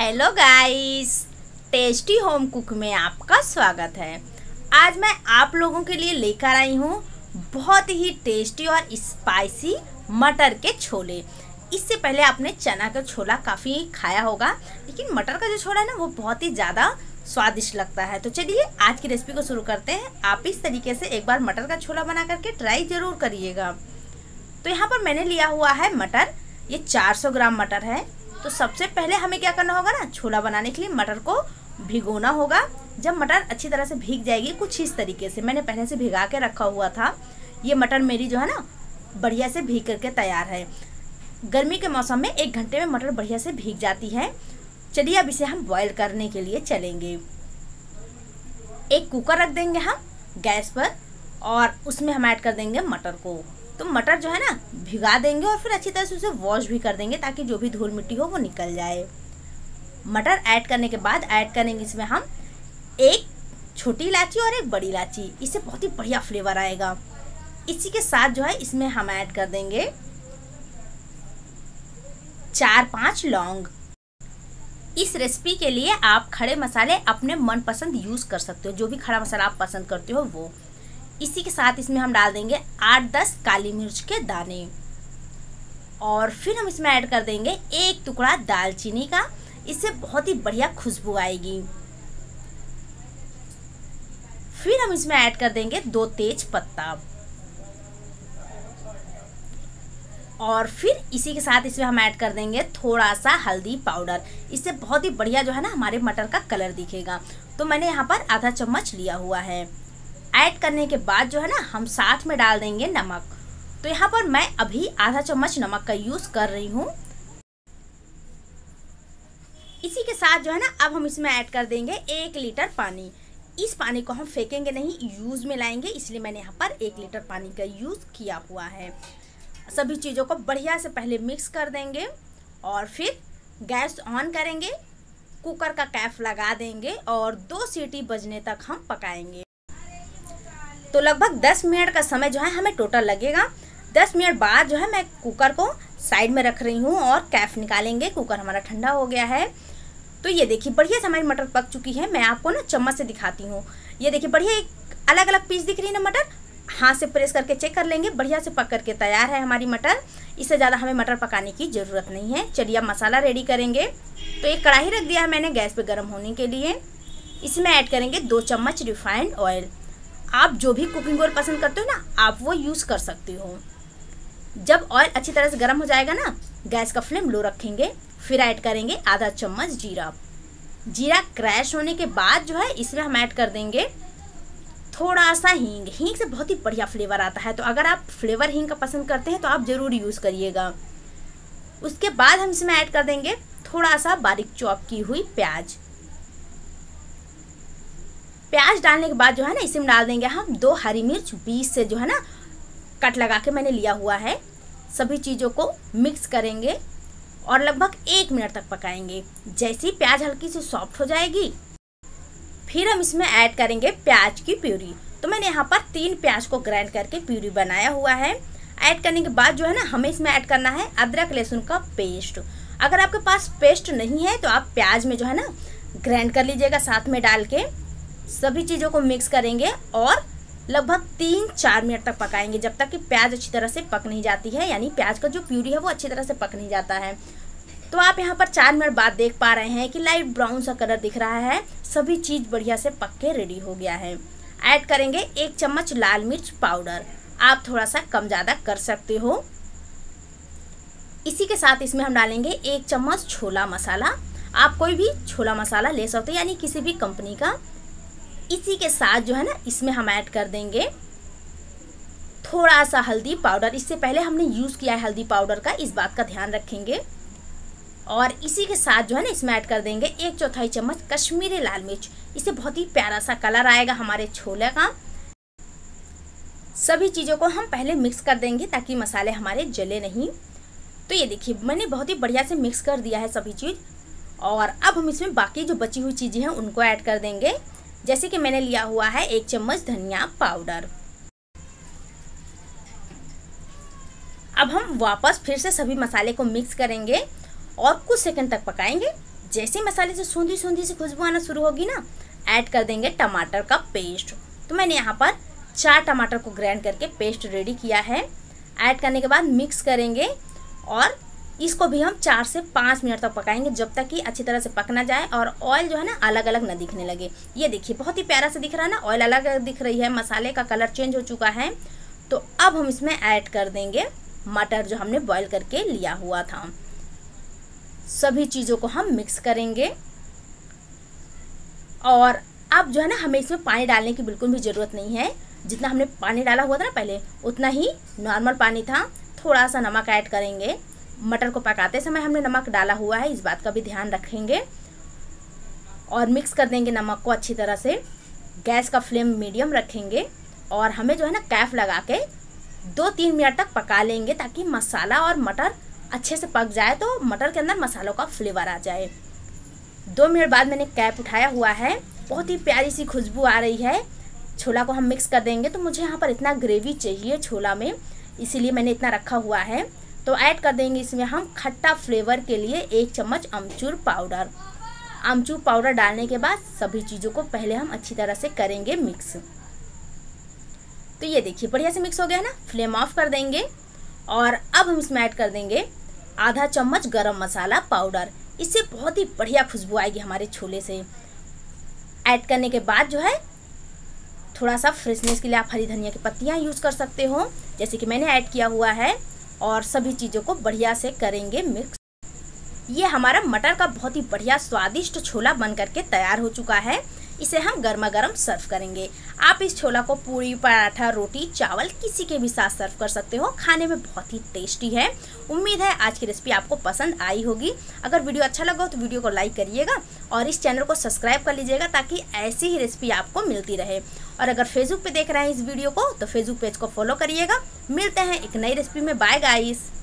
hello guys tasty home cook में आपका स्वागत है आज मैं आप लोगों के लिए लेकर आई हूँ बहुत ही टेस्टी और स्पाइसी मटर के छोले इससे पहले आपने चना का छोला काफ़ी खाया होगा लेकिन मटर का जो छोला है ना वो बहुत ही ज़्यादा स्वादिष्ट लगता है तो चलिए आज की रेसिपी को शुरू करते हैं आप इस तरीके से एक बार मटर का छोला बना करके ट्राई ज़रूर करिएगा तो यहाँ पर मैंने लिया हुआ है मटर ये 400 ग्राम मटर है तो सबसे पहले हमें क्या करना होगा ना छोला बनाने के लिए मटर को भिगोना होगा जब मटर अच्छी तरह से भीग जाएगी कुछ इस तरीके से मैंने पहले से भिगा के रखा हुआ था ये मटर मेरी जो है ना बढ़िया से भीग करके तैयार है गर्मी के मौसम में एक घंटे में मटर बढ़िया से भीग जाती है चलिए अब इसे हम बॉयल करने के लिए चलेंगे एक कुकर रख देंगे हम गैस पर और उसमें हम ऐड कर देंगे मटर को तो मटर जो है ना भिगा देंगे और फिर अच्छी तरह से उसे वॉश भी कर देंगे ताकि जो भी धूल मिट्टी हो वो निकल जाए मटर ऐड करने के बाद ऐड करेंगे इसमें हम एक छोटी इलायची और एक बड़ी इलायची इससे बहुत ही बढ़िया फ्लेवर आएगा इसी के साथ जो है इसमें हम ऐड कर देंगे चार पांच लौंग इस रेसिपी के लिए आप खड़े मसाले अपने मनपसंद यूज़ कर सकते हो जो भी खड़ा मसाला आप पसंद करते हो वो इसी के साथ इसमें हम डाल देंगे आठ दस काली मिर्च के दाने और फिर हम इसमें ऐड कर देंगे एक टुकड़ा दालचीनी का इससे बहुत ही बढ़िया खुशबू आएगी फिर हम इसमें ऐड कर देंगे दो तेज पत्ता और फिर इसी के साथ इसमें हम ऐड कर देंगे थोड़ा सा हल्दी पाउडर इससे बहुत ही बढ़िया जो है ना हमारे मटर का कलर दिखेगा तो मैंने यहाँ पर आधा चम्मच लिया हुआ है ऐड करने के बाद जो है ना हम साथ में डाल देंगे नमक तो यहाँ पर मैं अभी आधा चम्मच नमक का यूज़ कर रही हूँ इसी के साथ जो है ना अब हम इसमें ऐड कर देंगे एक लीटर पानी इस पानी को हम फेंकेंगे नहीं यूज़ में लाएंगे इसलिए मैंने यहाँ पर एक लीटर पानी का यूज़ किया हुआ है सभी चीज़ों को बढ़िया से पहले मिक्स कर देंगे और फिर गैस ऑन करेंगे कुकर का कैफ लगा देंगे और दो सीटी बजने तक हम पकाएंगे तो लगभग दस मिनट का समय जो है हमें टोटल लगेगा दस मिनट बाद जो है मैं कुकर को साइड में रख रही हूँ और कैफ निकालेंगे कुकर हमारा ठंडा हो गया है तो ये देखिए बढ़िया से हमारी मटर पक चुकी है मैं आपको ना चम्मच से दिखाती हूँ ये देखिए बढ़िया एक अलग अलग पीस दिख रही है ना मटर हाथ से प्रेस करके चेक कर लेंगे बढ़िया से पक करके तैयार है हमारी मटर इससे ज़्यादा हमें मटर पकाने की ज़रूरत नहीं है चलिए अब मसाला रेडी करेंगे तो एक कढ़ाई रख दिया है मैंने गैस पे गर्म होने के लिए इसमें ऐड करेंगे दो चम्मच रिफाइंड ऑयल आप जो भी कुकिंग ऑयल पसंद करते हो ना आप वो यूज़ कर सकते हो जब ऑयल अच्छी तरह से गर्म हो जाएगा ना गैस का फ्लेम लो रखेंगे फिर ऐड करेंगे आधा चम्मच जीरा जीरा क्रैश होने के बाद जो है इसमें हम ऐड कर देंगे थोड़ा सा हींग हींग से बहुत ही बढ़िया फ्लेवर आता है तो अगर आप फ्लेवर हींग का पसंद करते हैं तो आप ज़रूर यूज़ करिएगा उसके बाद हम इसमें ऐड कर देंगे थोड़ा सा बारीक चॉप की हुई प्याज प्याज डालने के बाद जो है ना इसी में डाल देंगे हम दो हरी मिर्च बीस से जो है ना कट लगा के मैंने लिया हुआ है सभी चीज़ों को मिक्स करेंगे और लगभग एक मिनट तक पकाएंगे जैसे ही प्याज हल्की सी सॉफ्ट हो जाएगी फिर हम इसमें ऐड करेंगे प्याज की प्यूरी तो मैंने यहाँ पर तीन प्याज को ग्राइंड करके प्यूरी बनाया हुआ है ऐड करने के बाद जो है ना हमें इसमें ऐड करना है अदरक लहसुन का पेस्ट अगर आपके पास पेस्ट नहीं है तो आप प्याज में जो है ना ग्राइंड कर लीजिएगा साथ में डाल के सभी चीज़ों को मिक्स करेंगे और लगभग तीन चार मिनट तक पकाएंगे जब तक कि प्याज अच्छी तरह से पक नहीं जाती है यानी प्याज का जो प्यूरी है वो अच्छी तरह से पक नहीं जाता है तो आप यहाँ पर चार मिनट बाद देख पा रहे हैं कि लाइट ब्राउन सा कलर दिख रहा है सभी चीज़ बढ़िया से पक के रेडी हो गया है ऐड करेंगे एक चम्मच लाल मिर्च पाउडर आप थोड़ा सा कम ज़्यादा कर सकते हो इसी के साथ इसमें हम डालेंगे एक चम्मच छोला मसाला आप कोई भी छोला मसाला ले सकते हो यानी किसी भी कंपनी का इसी के साथ जो है ना इसमें हम ऐड कर देंगे थोड़ा सा हल्दी पाउडर इससे पहले हमने यूज़ किया है हल्दी पाउडर का इस बात का ध्यान रखेंगे और इसी के साथ जो है ना इसमें ऐड कर देंगे एक चौथाई चम्मच कश्मीरी लाल मिर्च इससे बहुत ही प्यारा सा कलर आएगा हमारे छोले का सभी चीज़ों को हम पहले मिक्स कर देंगे ताकि मसाले हमारे जले नहीं तो ये देखिए मैंने बहुत ही बढ़िया से मिक्स कर दिया है सभी चीज़ और अब हम इसमें बाकी जो बची हुई चीज़ें हैं उनको ऐड कर देंगे जैसे कि मैंने लिया हुआ है एक चम्मच धनिया पाउडर अब हम वापस फिर से सभी मसाले को मिक्स करेंगे और कुछ सेकंड तक पकाएंगे जैसे मसाले से सूंधी सूंधी से खुशबू आना शुरू होगी ना ऐड कर देंगे टमाटर का पेस्ट तो मैंने यहाँ पर चार टमाटर को ग्राइंड करके पेस्ट रेडी किया है ऐड करने के बाद मिक्स करेंगे और इसको भी हम चार से पाँच मिनट तक पकाएंगे जब तक कि अच्छी तरह से पकना जाए और ऑयल जो है ना अलग अलग ना दिखने लगे ये देखिए बहुत ही प्यारा से दिख रहा है ना ऑयल अलग अलग दिख रही है मसाले का कलर चेंज हो चुका है तो अब हम इसमें ऐड कर देंगे मटर जो हमने बॉयल करके लिया हुआ था सभी चीज़ों को हम मिक्स करेंगे और अब जो है ना हमें इसमें पानी डालने की बिल्कुल भी ज़रूरत नहीं है जितना हमने पानी डाला हुआ था ना पहले उतना ही नॉर्मल पानी था थोड़ा सा नमक ऐड करेंगे मटर को पकाते समय हमने नमक डाला हुआ है इस बात का भी ध्यान रखेंगे और मिक्स कर देंगे नमक को अच्छी तरह से गैस का फ्लेम मीडियम रखेंगे और हमें जो है ना कैफ लगा के दो तीन मिनट तक पका लेंगे ताकि मसाला और मटर अच्छे से पक जाए तो मटर के अंदर मसालों का फ्लेवर आ जाए दो मिनट बाद मैंने कैप उठाया हुआ है बहुत ही प्यारी सी खुशबू आ रही है छोला को हम मिक्स कर देंगे तो मुझे यहाँ पर इतना ग्रेवी चाहिए छोला में इसीलिए मैंने इतना रखा हुआ है तो ऐड कर देंगे इसमें हम खट्टा फ्लेवर के लिए एक चम्मच अमचूर पाउडर अमचूर पाउडर डालने के बाद सभी चीज़ों को पहले हम अच्छी तरह से करेंगे मिक्स तो ये देखिए बढ़िया से मिक्स हो गया ना फ्लेम ऑफ कर देंगे और अब हम इसमें ऐड कर देंगे आधा चम्मच गरम मसाला पाउडर इससे बहुत ही बढ़िया खुशबू आएगी हमारे छोले से ऐड करने के बाद जो है थोड़ा सा फ्रेशनेस के लिए आप हरी धनिया की पत्तियाँ यूज़ कर सकते हो जैसे कि मैंने ऐड किया हुआ है और सभी चीज़ों को बढ़िया से करेंगे मिक्स ये हमारा मटर का बहुत ही बढ़िया स्वादिष्ट छोला बन करके तैयार हो चुका है इसे हम गर्मा गर्म सर्व करेंगे आप इस छोला को पूरी पराठा रोटी चावल किसी के भी साथ सर्व कर सकते हो खाने में बहुत ही टेस्टी है उम्मीद है आज की रेसिपी आपको पसंद आई होगी अगर वीडियो अच्छा लगा हो तो वीडियो को लाइक करिएगा और इस चैनल को सब्सक्राइब कर लीजिएगा ताकि ऐसी ही रेसिपी आपको मिलती रहे और अगर फेसबुक पर देख रहे हैं इस वीडियो को तो फेसबुक पेज को फॉलो करिएगा मिलते हैं एक नई रेसिपी में बाय गाइस